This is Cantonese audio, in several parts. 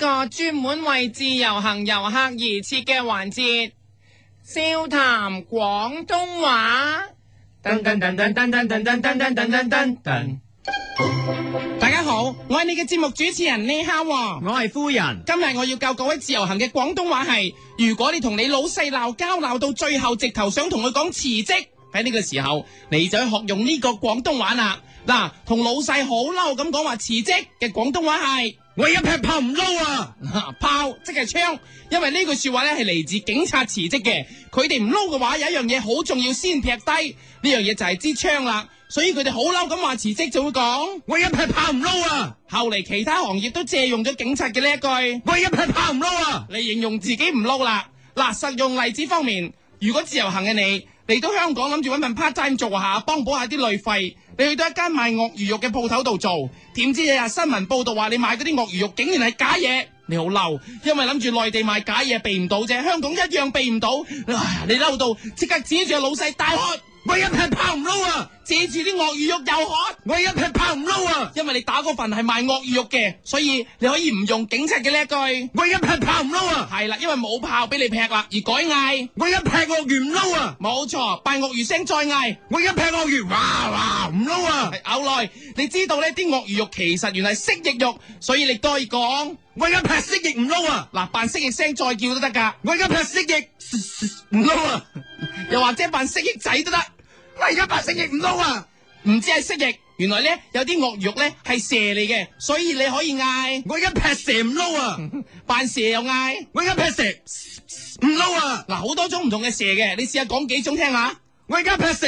個專門為自由行遊客而設嘅環節，笑談廣東話。大家好，我係你嘅節目主持人呢蝦，你好，我係夫人。今日我要教各位自由行嘅廣東話係，如果你同你老細鬧交鬧到最後，直頭想同佢講辭職，喺呢個時候你就要學用呢個廣東話啦。嗱，同老細好嬲咁講話辭職嘅廣東話係。我一劈炮唔撈啊！炮即係槍，因為呢句說話咧係嚟自警察辭職嘅，佢哋唔撈嘅話，有一樣嘢好重要，先劈低。呢樣嘢就係支槍啦，所以佢哋好嬲咁話辭職就會講我一劈炮唔撈啊！後嚟其他行業都借用咗警察嘅呢一句我一劈炮唔撈啊嚟形容自己唔撈啦。嗱，實用例子方面，如果自由行嘅你。嚟到香港諗住揾份 part time 做下，幫補下啲旅費。你去到一間賣鱷魚肉嘅鋪頭度做，點知日日新聞報道話你買嗰啲鱷魚肉竟然係假嘢？你好嬲，因為諗住內地賣假嘢避唔到啫，香港一樣避唔到。你嬲到即刻指住老細大喝。我而家劈炮唔撈啊！借住啲鱷魚肉又嗌，我而家劈炮唔撈啊！因為你打嗰份係賣鱷魚肉嘅，所以你可以唔用警察嘅呢一句。我而家劈炮唔撈啊！係啦，因為冇炮俾你劈啦，而改嗌。我而家劈鱷魚唔撈啊！冇錯，扮鱷魚聲再嗌。我而家劈鱷魚哇哇唔撈啊！偶內，你知道呢啲鱷魚肉其實原來蜥蜴肉，所以你多講。我而家劈蜥蜴唔撈啊！嗱，扮蜥蜴聲再叫都得噶。我而家劈蜥蜴唔撈啊！又或者扮蜥蜴仔都得，我而家扮蜥蜴唔撈啊！唔知係蜥蜴，原來咧有啲鱷肉咧係蛇嚟嘅，所以你可以嗌，我而家劈蛇唔撈啊！扮蛇又嗌，我而家劈蛇唔撈啊！嗱、啊，好多種唔同嘅蛇嘅，你試下講幾種聽下。我而家劈蛇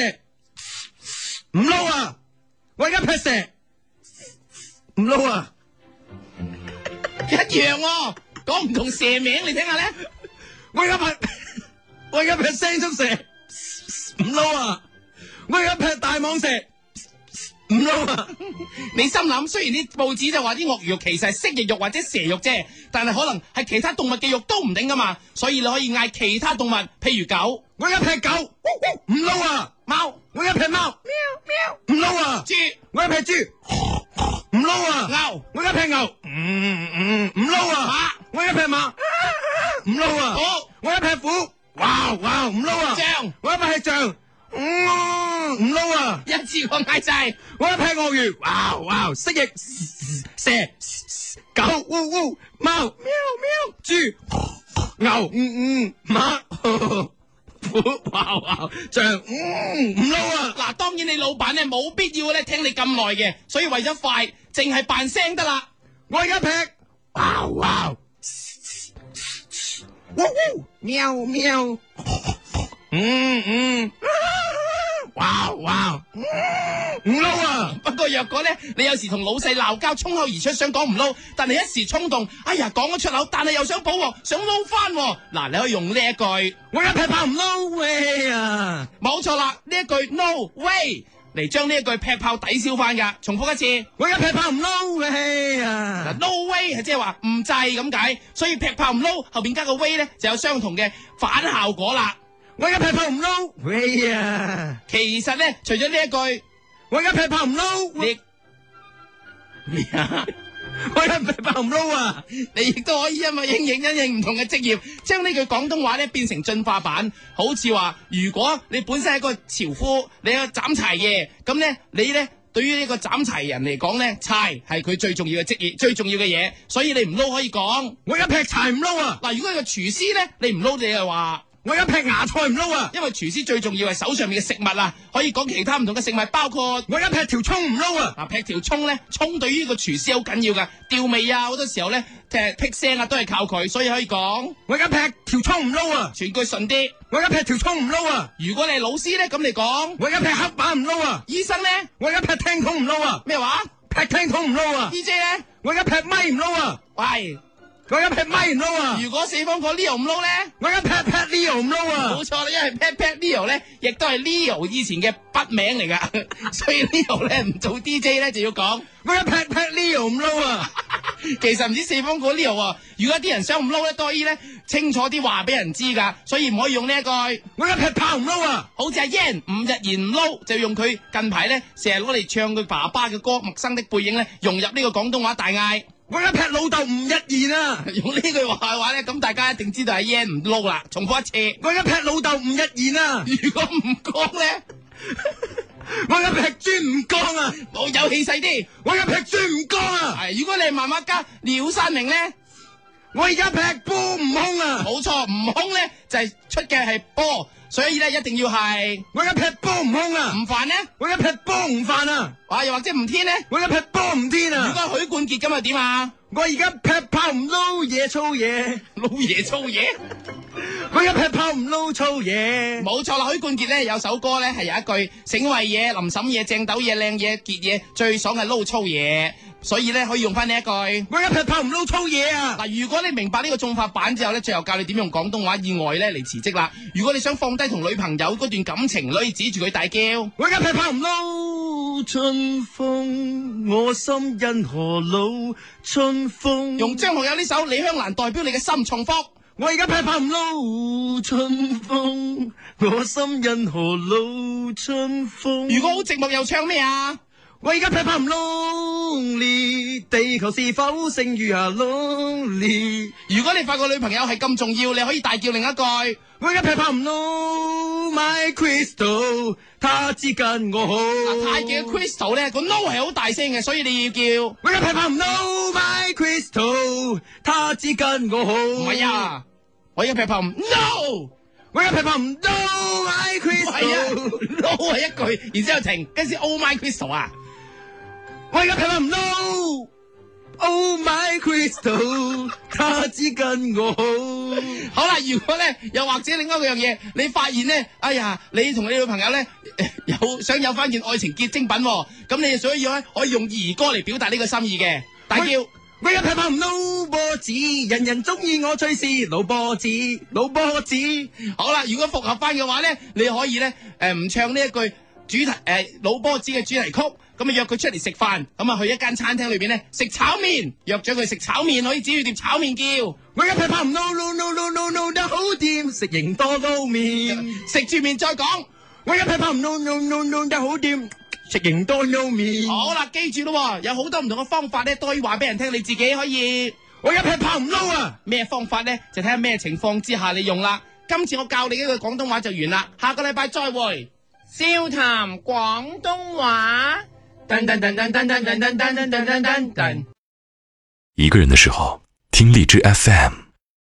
唔撈啊！我而家劈蛇唔撈啊！啊 一樣喎、哦，講唔同蛇名你聽下咧。我而家扮，我而家劈聲出蛇。唔撈、no、啊！我有一匹大蟒蛇，唔、no、撈啊！ 你心諗，雖然啲報紙就話啲鱷魚肉其實係蜥蜴肉或者蛇肉啫，但係可能係其他動物嘅肉都唔定㗎嘛，所以你可以嗌其他動物，譬如狗，我有一匹狗，唔撈喵、no、啊！貓，我有一匹貓，唔撈、no、啊！豬，我有一匹豬，唔撈、 no、啊！牛，我有一匹牛，唔唔唔撈啊！吓、啊！我有一匹馬，唔撈、 no、啊！好！我有一匹虎。哇哇唔撈啊！象，我一劈係象，唔唔撈啊！一次過嗌晒，我一劈鱷魚，哇哇蜥蜴、蛇、狗、嗚嗚、貓、喵！喵！豬、牛、嗯嗯馬、虎、哇哇象，唔唔撈啊！嗱，當然你老闆咧冇必要咧聽你咁耐嘅，所以為咗快，淨係扮聲得啦，我而家劈，哇哇！嗚嗚，喵喵，嗯嗯，哇、嗯、哇，唔撈啊！不過若果咧，你有時同老細鬧交，衝口而出想講唔撈，但係一時衝動，哎呀講咗出口，但係又想補鑊，想撈翻喎。嗱、啊，你可以用呢一句，我一拍怕唔撈喂 a 啊，冇錯啦，呢一句 No way。嚟將呢一句劈炮抵消翻噶，重複一次，我而家劈炮唔撈啊！嗱 ，no way 係即係話唔制咁解，所以劈炮唔撈後邊加個 way 咧就有相同嘅反效果啦。我而家劈炮唔撈 way 啊！Way 其實咧除咗呢一句，我而家劈炮唔撈你。劈 yeah. 哎、我而家劈砲唔撈啊！ 你亦都可以，因為因應因應唔同嘅職業，將呢句廣東話咧變成進化版，好似話：如果你本身係一個樵夫，你有斬柴嘅，咁咧你咧對於呢個斬柴人嚟講咧，柴係佢最重要嘅職業，最重要嘅嘢，所以你唔撈可以講。我而家劈柴唔撈啊！嗱、哎，如果係個廚師咧，你唔撈你係話。我而家劈芽菜唔撈啊！因為廚師最重要係手上面嘅食物啊，可以講其他唔同嘅食物，包括我而家、啊、劈條蔥唔撈啊！啊，劈條蔥咧，蔥對於個廚師好緊要噶，吊味啊，好多時候咧，即劈聲啊，都係靠佢，所以可以講我而家劈條蔥唔撈啊！全句順啲，我而家劈條蔥唔撈啊！如果你係老師咧，咁你講我而家劈黑板唔撈啊！醫生咧，我而家、啊、么劈聽筒唔撈啊！咩話？劈聽筒唔撈啊！DJ 咧，我而家劈咪唔撈啊！喂。我一 pat pat Leo 唔撈啊！如果四方果 Leo 唔撈咧，我一 pat pat Leo 唔撈啊！冇錯啦，因為 pat pat Leo 咧，亦都係 Leo 以前嘅筆名嚟㗎，所以 Leo 咧唔做 DJ 咧就要講我一 pat pat Leo 唔撈啊！其實唔知四方果 Leo，啊，如果啲人想唔撈咧，當然咧清楚啲話俾人知㗎，所以唔可以用呢一句。我一 pat pat 唔撈啊！好似阿 Yen 五日言唔撈，就用佢近排咧成日攞嚟唱佢爸爸嘅歌《陌生的背影》咧，融入呢個廣東話大嗌。我而家劈老豆唔一言啊。用呢句話嘅話咧，咁大家一定知道係耶唔撈啦。重複一次，我而家劈老豆唔一言啊。如果唔講咧，我而家劈磚唔講啊，我有氣勢啲，我而家劈磚唔講啊。係，如果你係媽媽家鳥山明咧，我而家劈波唔空啊。冇錯，悟空咧就係、是、出嘅係波。所以咧一定要係我而家劈波唔空啊，唔犯咧；我而家劈波唔犯啊，哇！又或者唔天呢？我而家劈波唔天啊。如果許冠傑咁又點啊？我而家劈炮唔撈嘢，粗嘢，撈嘢粗嘢。」我而家劈炮唔撈粗嘢，冇錯啦。許冠傑咧有首歌咧係有一句醒胃嘢、淋沈嘢、正斗嘢、靚嘢、傑嘢，最爽係撈粗嘢。」所以咧，可以用翻呢一句，我而家劈砲唔撈粗嘢啊！嗱，如果你明白呢個中法版之後咧，最後教你點用廣東話意外咧嚟辭職啦。如果你想放低同女朋友嗰段感情，你可以指住佢大叫，我而家劈砲唔撈春風，我心因何老？春風用張學友呢首《李香蘭》代表你嘅心重複。我而家劈砲唔撈春風，我心因何老？春風如果好寂寞，又唱咩啊？我而家劈炮唔 lonely，地球是否剩如下 lonely？如果你發個女朋友係咁重要，你可以大叫另一句。我而家劈炮唔 lonely，my crystal，他只跟我好。太極嘅、啊、crystal 呢、呢個 no 係好大聲嘅，所以你要叫。我而家劈炮唔 lonely，my crystal，他只跟我好。唔係啊，我而家劈炮唔 no，我而家劈炮唔 lonely，my crystal，no 係一句，然之後停，跟住 oh my crystal 啊。我而家劈砲唔撈，Oh my crystal，他只跟我 好。好啦，如果咧又或者另外嗰樣嘢，你發現咧，哎呀，你同你女朋友咧有想有翻件愛情結晶品，咁你所以咧可以用兒歌嚟表達呢個心意嘅，大叫我而家劈砲唔撈，波子人人鍾意我趣事，老波子老波子。好啦，如果復合返嘅話咧，你可以咧誒唔唱呢一句。主題誒、呃，老波子嘅主題曲，咁啊約佢出嚟食飯，咁啊去一間餐廳裏邊咧食炒麵，約咗佢食炒麵，可以指要碟炒麵叫。我一劈炮唔撈，撈撈撈撈撈得好掂，食型多撈麵，食住麵再講。我一劈炮唔撈，撈撈撈撈得好掂，食型多撈麵。好啦，記住咯，有好多唔同嘅方法咧，都可以話俾人聽，你自己可以。我一劈炮唔撈啊，咩 方法咧？就睇下咩情況之下你用啦。今次我教你一句廣東話就完啦，下個禮拜再會。笑談廣東話。噔噔噔噔噔噔噔噔噔。一個人的時候，聽荔枝 FM。